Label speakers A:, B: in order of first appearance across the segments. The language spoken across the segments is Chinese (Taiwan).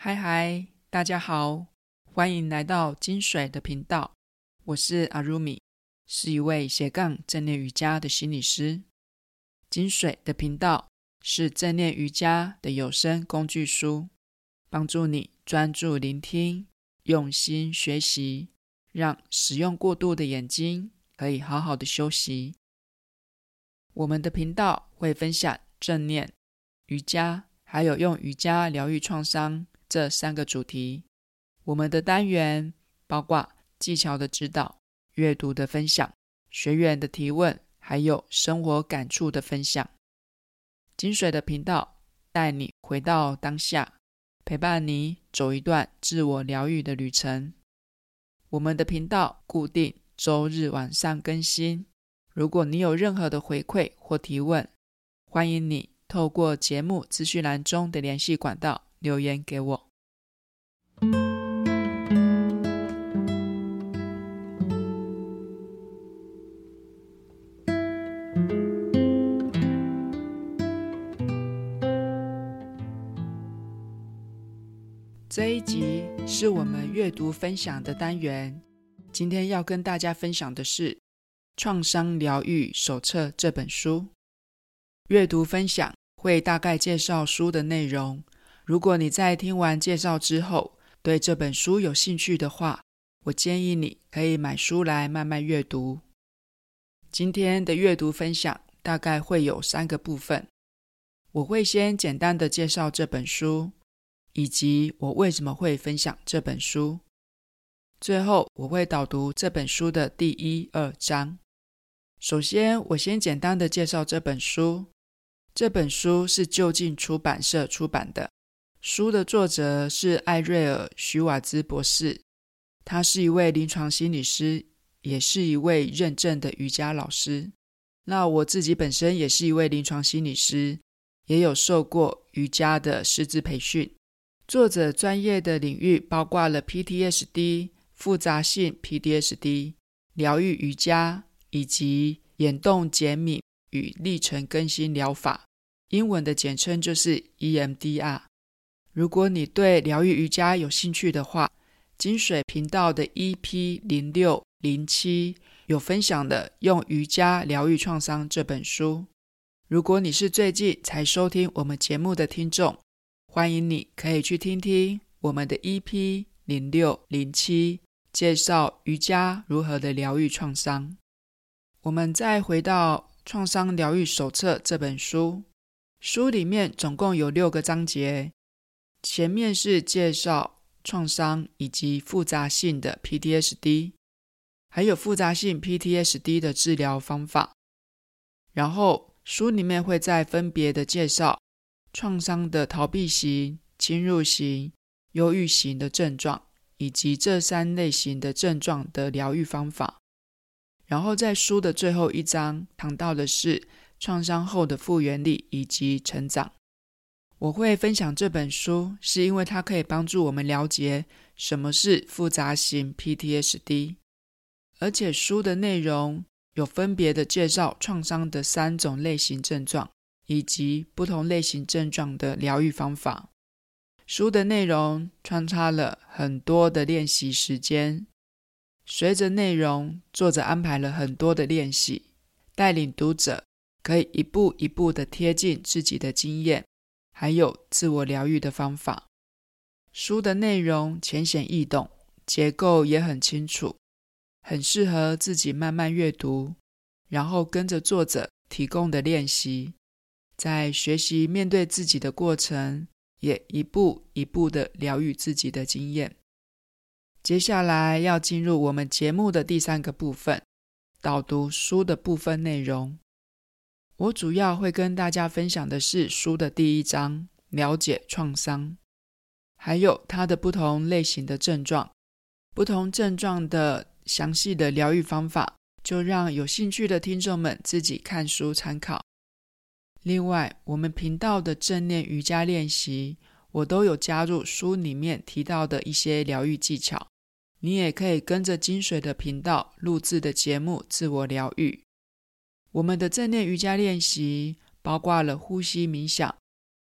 A: 嗨嗨，大家好，歡迎來到金水的頻道。我是阿如米，是一位斜槓正念瑜伽的心理師。金水的頻道是正念瑜伽的有聲工具書，幫助你專注聆聽、用心學習，讓使用過度的眼睛可以好好的休息。我們的頻道會分享正念瑜伽，還有用瑜伽療癒創傷。這三個主題，我們的單元包括技巧的指導、閱讀的分享、學員的提問，還有生活感觸的分享。金水的頻道帶你回到當下，陪伴你走一段自我療癒的旅程。我們的頻道固定周日晚上更新。如果你有任何的回饋或提問，歡迎你透過節目資訊欄中的聯繫管道。留言給我。這一集是我們閱讀分享的單元。今天要跟大家分享的是《創傷療癒手冊》這本書。閱讀分享會大概介紹書的內容。如果你在聽完介紹之後對這本書有興趣的話，我建議你可以買書來慢慢閱讀。今天的閱讀分享大概會有三個部分，我會先簡單的介紹這本書，以及我為什麼會分享這本書。最後我會導讀這本書的第一二章。首先，我先簡單的介紹這本書。這本書是究竟出版社出版的。書的作者是艾瑞爾·徐瓦茲博士，他是一位臨床心理師，也是一位認證的瑜伽老師。那我自己本身也是一位臨床心理師，也有受過瑜伽的師資培訓。作者專業的領域包括了 PTSD、複雜性 PTSD、療癒瑜伽以及眼動減敏與歷程更新療法，英文的簡稱就是 EMDR。如果你對療癒瑜伽有興趣的話，金水頻道的 EP 零六零七有分享的用瑜伽療癒創傷這本書。如果你是最近才收聽我們節目的聽眾，歡迎你可以去聽聽我們的 EP 零六零七介紹瑜伽如何的療癒創傷。我們再回到創傷療癒手冊這本書，書裡面總共有六個章節。前面是介紹創傷以及複雜性的 PTSD，還有複雜性 PTSD 的治療方法。然後書裡面會再分別的介紹創傷的逃避型、侵入型、憂鬱型的症狀，以及這三類型的症狀的療癒方法。然後在書的最後一章談到的是創傷後的復原力以及成長。我會分享這本書，是因為它可以幫助我們了解什麼是複雜型 PTSD，而且書的內容有分別的介紹創傷的三種類型症狀，以及不同類型症狀的療癒方法。書的內容穿插了很多的練習時間，隨着內容，作者安排了很多的練習，帶領讀者可以一步一步的貼近自己的經驗。還有自我療癒的方法，書的內容淺顯易懂，結構也很清楚，很適合自己慢慢閱讀，然後跟着作者提供的練習，在學習面對自己的過程，也一步一步的療癒自己的經驗。接下來要進入我們節目的第三個部分，導讀書的部分內容。我主要會跟大家分享的是書的第一章，了解創傷，還有它的不同類型的症狀，不同症狀的詳細的療癒方法，就讓有興趣的聽眾們自己看書參考。另外，我們頻道的正念瑜伽練習，我都有加入書裡面提到的一些療癒技巧，你也可以跟着金水的頻道錄製的節目自我療癒。我們的正念瑜伽練習包括了呼吸冥想，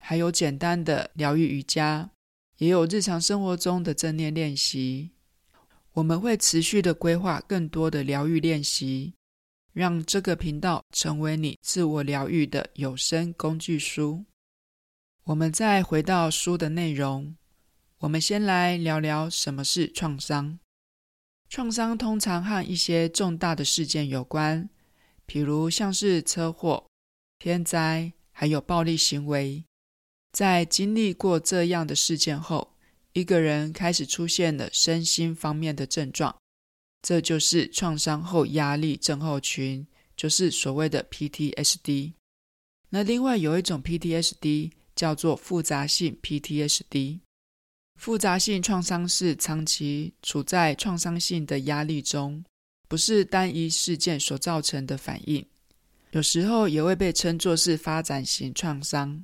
A: 還有簡單的療癒瑜伽，也有日常生活中的正念練習。我們會持續的規劃更多的療癒練習，讓這個頻道成為你自我療癒的有聲工具書。我們再回到書的內容，我們先來聊聊什麼是創傷。創傷通常和一些重大的事件有關。比如像是車禍、天災，還有暴力行為，在經歷過這樣的事件後，一個人開始出現了身心方面的症狀，這就是創傷後壓力症候群，就是所謂的 PTSD。那另外有一種 PTSD 叫做複雜性 PTSD，複雜性創傷是長期處在創傷性的壓力中。不是單一事件所造成的反應，有時候也會被稱作是發展型創傷，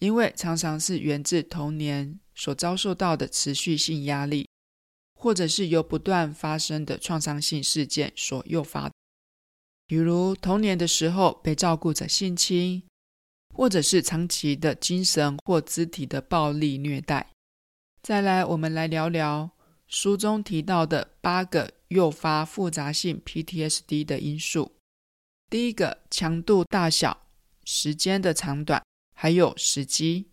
A: 因為常常是源自童年所遭受到的持續性壓力，或者是由不斷發生的創傷性事件所誘發，比如童年的時候被照顧者性侵，或者是長期的精神或肢體的暴力虐待。再來，我們來聊聊書中提到的八個誘發複雜性 PTSD 的因素，第一個強度大小、時間的長短，還有時機。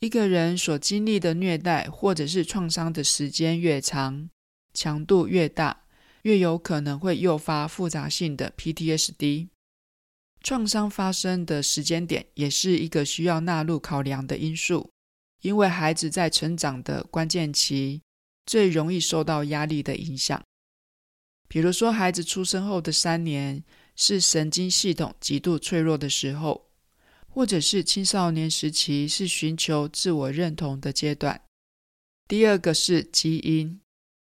A: 一個人所經歷的虐待或者是創傷的時間越長，強度越大，越有可能會誘發複雜性的 PTSD。創傷發生的時間點也是一個需要納入考量的因素，因為孩子在成長的關鍵期最容易受到壓力的影響。比如說，孩子出生後的三年是神經系統極度脆弱的時候，或者是青少年時期是尋求自我認同的階段。第二個是基因，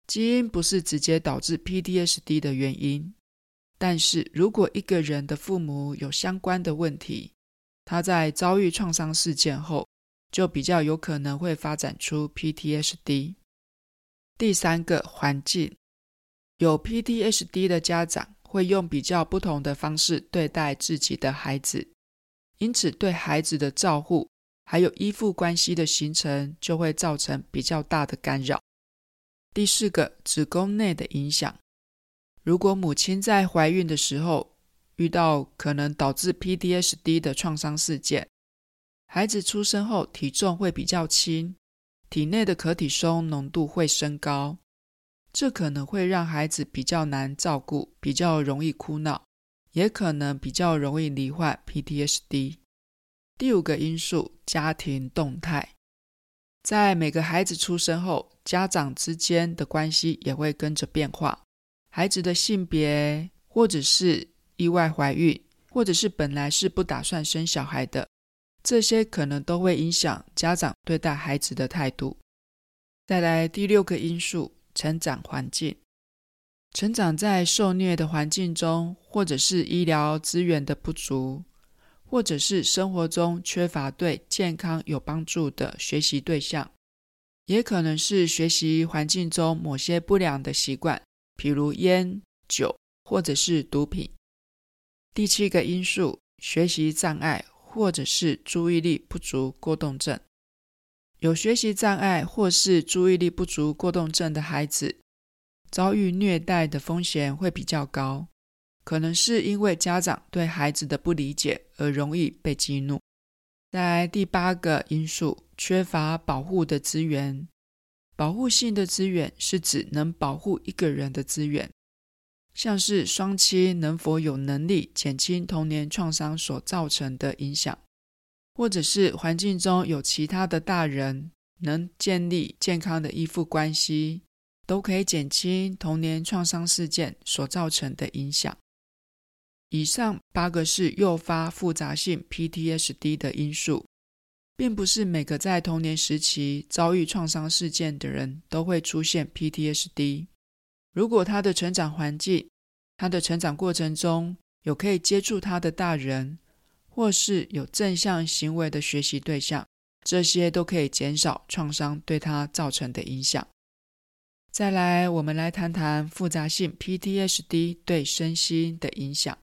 A: 基因不是直接導致 PTSD 的原因，但是如果一個人的父母有相關的問題，他在遭遇創傷事件後，就比較有可能會發展出 PTSD。第三個，環境。有 PTSD 的家長會用比較不同的方式對待自己的孩子，因此對孩子的照護還有依附關係的形成就會造成比較大的干擾。第四個，子宮內的影響，如果母親在懷孕的時候遇到可能導致 PTSD 的創傷事件，孩子出生後體重會比較輕，體內的可體松濃度會升高。這可能會讓孩子比較難照顧，比較容易哭鬧，也可能比較容易罹患 PTSD。第五個因素，家庭動態。在每個孩子出生後，家長之間的關係也會跟着變化。孩子的性別，或者是意外懷孕，或者是本來是不打算生小孩的，這些可能都會影響家長對待孩子的態度。再來第六個因素。成長環境，成長在受虐的環境中，或者是醫療資源的不足，或者是生活中缺乏對健康有幫助的學習對象，也可能是學習環境中某些不良的習慣，譬如菸、酒或者是毒品。第七個因素，學習障礙或者是注意力不足過動症。有學習障礙或是注意力不足過動症的孩子，遭遇虐待的風險會比較高，可能是因為家長對孩子的不理解而容易被激怒。在第八個因素，缺乏保護的資源，保護性的資源是指能保護一個人的資源，像是雙親能否有能力減輕童年創傷所造成的影響。或者是環境中有其他的大人能建立健康的依附關係，都可以減輕童年創傷事件所造成的影響。以上八個是誘發複雜性 PTSD 的因素，並不是每個在童年時期遭遇創傷事件的人都會出現 PTSD。如果他的成長環境，他的成長過程中有可以接觸他的大人。或是有正向行為的學習對象，這些都可以減少創傷對他造成的影響。再來，我們來談談複雜性 PTSD 對身心的影響。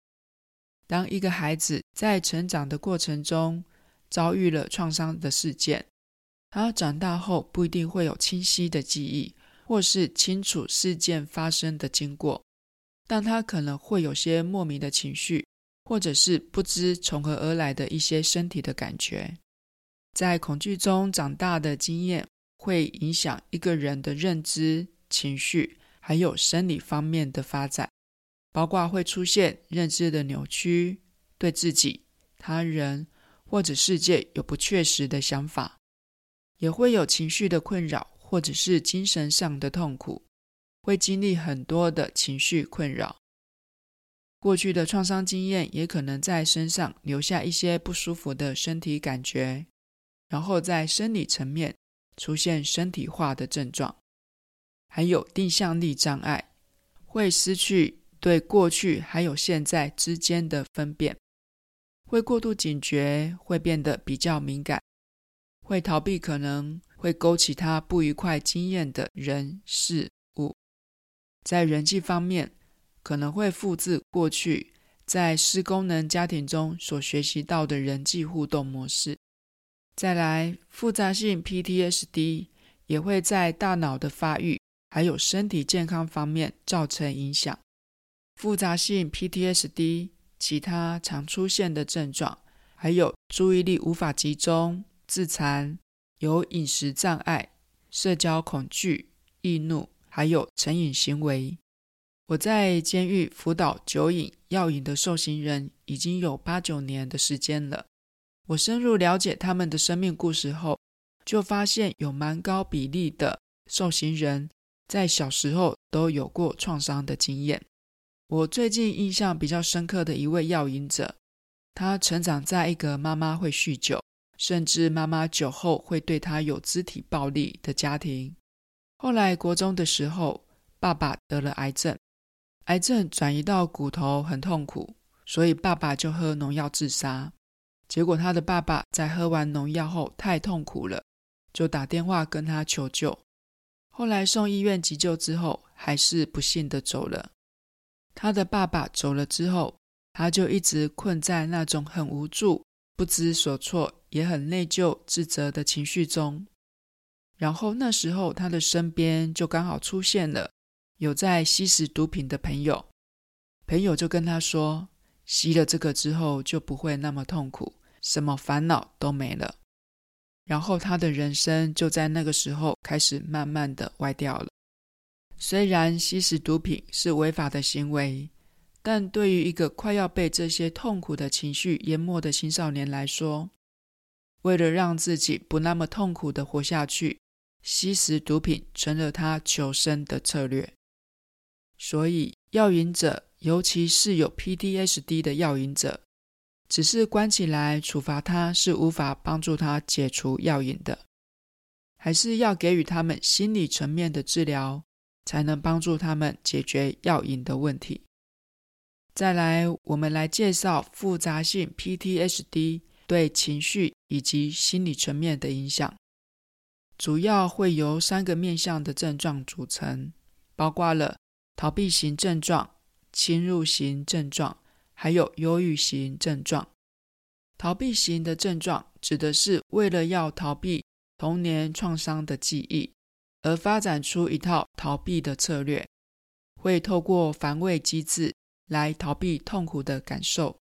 A: 當一個孩子在成長的過程中遭遇了創傷的事件，他長大後不一定會有清晰的記憶，或是清楚事件發生的經過，但他可能會有些莫名的情緒。或者是不知從何而來的一些身體的感覺，在恐懼中長大的經驗，會影響一個人的認知、情緒，還有生理方面的發展，包括會出現認知的扭曲，對自己、他人或者世界有不確實的想法，也會有情緒的困擾，或者是精神上的痛苦，會經歷很多的情緒困擾。過去的創傷經驗也可能在身上留下一些不舒服的身體感覺，然後在生理層面出現身體化的症狀。還有定向力障礙，會失去對過去還有現在之間的分辨，會過度警覺，會變得比較敏感，會逃避可能會勾起他不愉快經驗的人事物，在人際方面，可能會複製過去在失功能家庭中所學習到的人際互動模式。再來，複雜性 PTSD 也會在大腦的發育還有身體健康方面造成影響。複雜性 PTSD 其他常出現的症狀，還有注意力無法集中、自殘、有飲食障礙、社交恐懼、易怒，還有成癮行為。我在監獄輔導酒癮、藥癮的受刑人已經有八九年的時間了。我深入了解他們的生命故事後，就發現有蠻高比例的受刑人在小時候都有過創傷的經驗。我最近印象比較深刻的一位藥癮者，他成長在一個媽媽會酗酒，甚至媽媽酒後會對他有肢體暴力的家庭。後來國中的時候，爸爸得了癌症。癌症轉移到骨頭很痛苦，所以爸爸就喝農藥自殺。結果他的爸爸在喝完農藥後太痛苦了，就打電話跟他求救。後來送醫院急救之後，還是不幸的走了。他的爸爸走了之後，他就一直困在那種很無助、不知所措，也很內疚、自責的情緒中。然後那時候他的身邊就剛好出現了。有在吸食毒品的朋友，朋友就跟他說：“吸了這個之後，就不會那麼痛苦，什麼煩惱都沒了。”然後他的人生就在那個時候開始慢慢的歪掉了。雖然吸食毒品是違法的行為，但對於一個快要被這些痛苦的情緒淹沒的青少年來說，為了讓自己不那麼痛苦的活下去，吸食毒品成了他求生的策略。所以，藥癮者，尤其是有 PTSD 的藥癮者，只是關起來處罰他是無法幫助他解除藥癮的，還是要給予他們心理層面的治療，才能幫助他們解決藥癮的問題。再來，我們來介紹複雜性 PTSD 對情緒以及心理層面的影響，主要會由三個面向的症狀組成，包括了。逃避型症狀、侵入型症狀，還有憂鬱型症狀。逃避型的症狀指的是為了要逃避童年創傷的記憶，而發展出一套逃避的策略，會透過防衛機制來逃避痛苦的感受。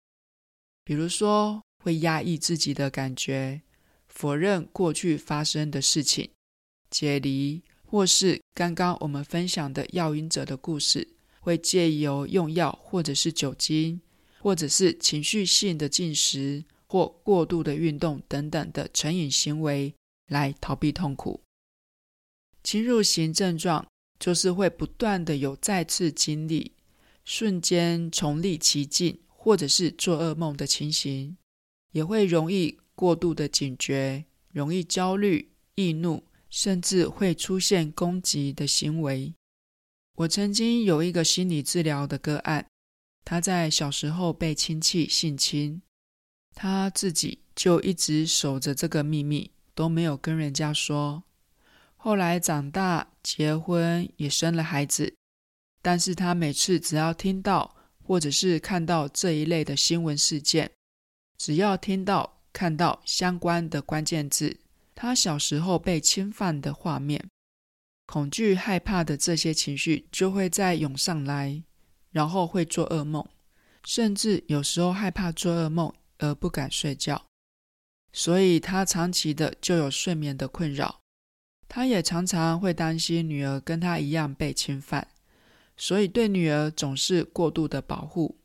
A: 比如說會壓抑自己的感覺，否認過去發生的事情，解離。或是剛剛我們分享的藥癮者的故事，會借由用藥，或者是酒精，或者是情緒性的進食或過度的運動等等的成癮行為來逃避痛苦。侵入型症狀就是會不斷的有再次經歷、瞬間重歷其境，或者是做噩夢的情形，也會容易過度的警覺，容易焦慮、易怒。甚至會出現攻擊的行為。我曾經有一個心理治療的個案，他在小時候被親戚性侵，他自己就一直守着這個秘密，都沒有跟人家說。後來長大結婚，也生了孩子，但是他每次只要聽到或者是看到這一類的新聞事件，只要聽到看到相關的關鍵字，他小時候被侵犯的畫面，恐懼、害怕的這些情緒就會再湧上來，然後會做噩夢，甚至有時候害怕做噩夢而不敢睡覺，所以他長期的就有睡眠的困擾。他也常常會擔心女兒跟他一樣被侵犯，所以對女兒總是過度的保護。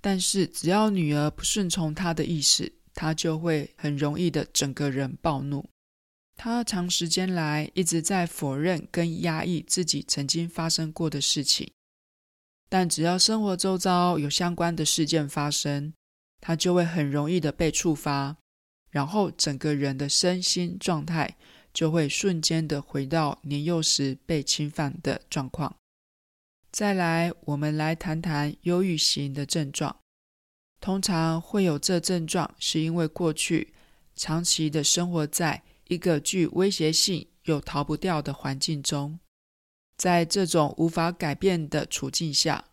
A: 但是只要女兒不順從他的意思，他就會很容易的整個人暴怒。他長時間來一直在否認跟壓抑自己曾經發生過的事情，但只要生活周遭有相關的事件發生，他就會很容易的被觸發，然後整個人的身心狀態就會瞬間的回到年幼時被侵犯的狀況。再來，我們來談談憂鬱型的症狀，通常會有這症狀，是因為過去長期的生活在一個具威脅性又逃不掉的環境中，在這種無法改變的處境下，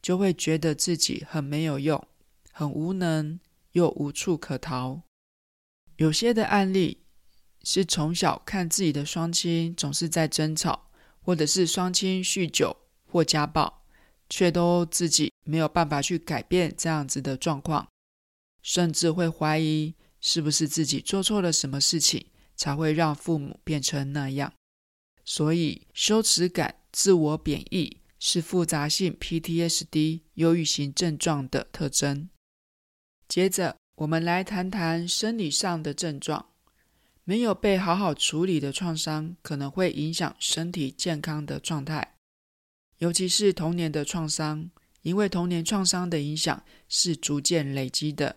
A: 就會覺得自己很沒有用、很無能，又無處可逃。有些的案例是從小看自己的雙親總是在爭吵，或者是雙親酗酒或家暴，卻都自己沒有辦法去改變這樣子的狀況，甚至會懷疑是不是自己做錯了什麼事情。才會讓父母變成那樣，所以羞恥感、自我貶義是複雜性 PTSD 憂鬱型症狀的特徵。接着，我們來談談生理上的症狀。沒有被好好處理的創傷，可能會影響身體健康的狀態，尤其是童年的創傷，因為童年創傷的影響是逐漸累積的。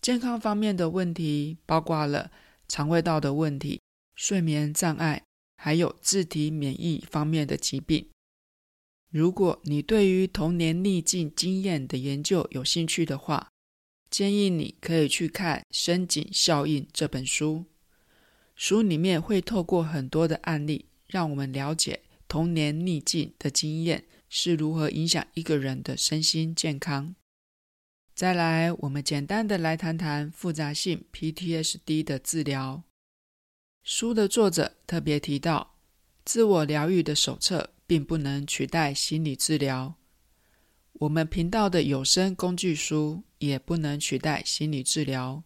A: 健康方面的問題包括了，腸胃道的問題、睡眠障礙，還有自體免疫方面的疾病。如果你對於童年逆境經驗的研究有興趣的話，建議你可以去看《深井效應》這本書。書裡面會透過很多的案例，讓我們了解童年逆境的經驗是如何影響一個人的身心健康。再來，我們簡單的來談談複雜性 PTSD 的治療。書的作者特別提到，自我療癒的手冊並不能取代心理治療。我們頻道的有聲工具書也不能取代心理治療。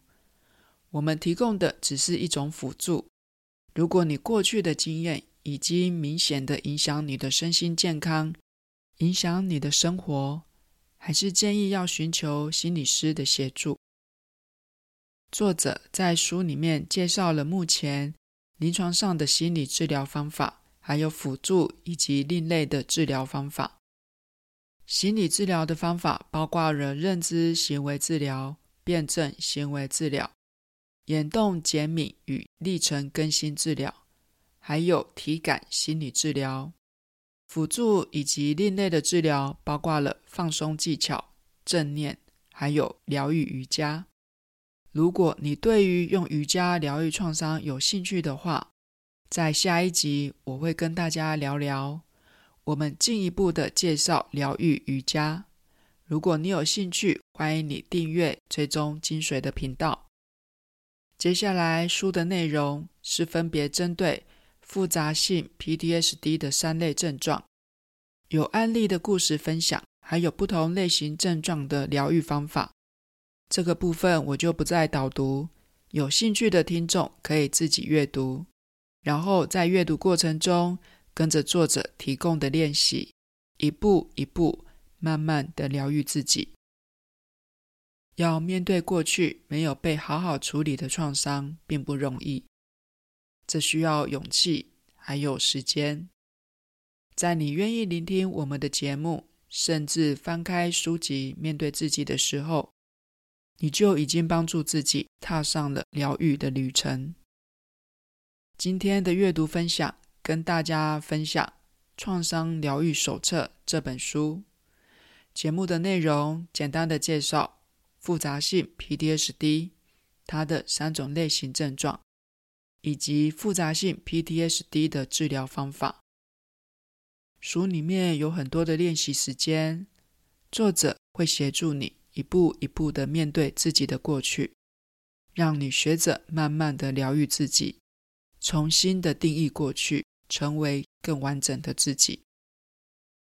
A: 我們提供的只是一種輔助。如果你過去的經驗已經明顯的影響你的身心健康，影響你的生活。還是建議要尋求心理師的協助。作者在書裡面介紹了目前臨床上的心理治療方法，還有輔助以及另類的治療方法。心理治療的方法包括了認知行為治療、辯證行為治療、眼動減敏與歷程更新治療，還有體感心理治療。輔助以及另類的治療，包括了放鬆技巧、正念，還有療癒瑜伽。如果你對於用瑜伽療癒創傷有興趣的話，在下一集我會跟大家聊聊我們進一步的介紹療癒瑜伽。如果你有興趣，歡迎你訂閱追蹤精髓的頻道。接下來書的內容是分別針對。複雜性 PTSD 的三類症狀，有案例的故事分享，還有不同類型症狀的療癒方法。這個部分我就不再導讀，有興趣的聽眾可以自己閱讀，然後在閱讀過程中跟着作者提供的練習，一步一步慢慢的療癒自己。要面對過去沒有被好好處理的創傷，並不容易。這需要勇氣，還有時間。在你願意聆聽我們的節目，甚至翻開書籍面對自己的時候，你就已經幫助自己踏上了療癒的旅程。今天的閱讀分享，跟大家分享《創傷療癒手冊》這本書。節目的內容簡單的介紹複雜性 PTSD，它的三種類型症狀。以及複雜性 PTSD 的治療方法。書裡面有很多的練習時間，作者會協助你一步一步的面對自己的過去，讓你學著慢慢的療癒自己，重新的定義過去，成為更完整的自己。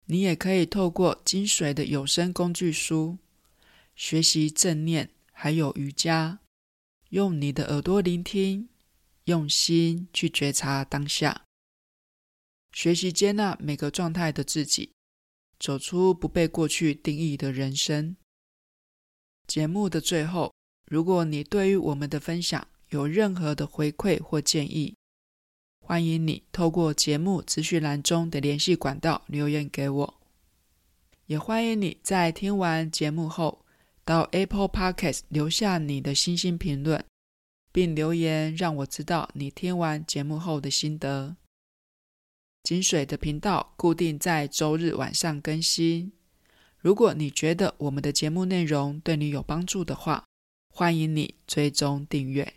A: 你也可以透過精髓的有聲工具書，學習正念，還有瑜伽，用你的耳朵聆聽。用心去覺察當下，學習接納每個狀態的自己，走出不被過去定義的人生。節目的最後，如果你對於我們的分享有任何的回饋或建議，歡迎你透過節目資訊欄中的聯繫管道留言給我，也歡迎你在聽完節目後到 Apple Podcast 留下你的星星評論。並留言讓我知道你聽完節目後的心得。井水的頻道固定在周日晚上更新。如果你覺得我們的節目內容對你有幫助的話，歡迎你追蹤訂閱。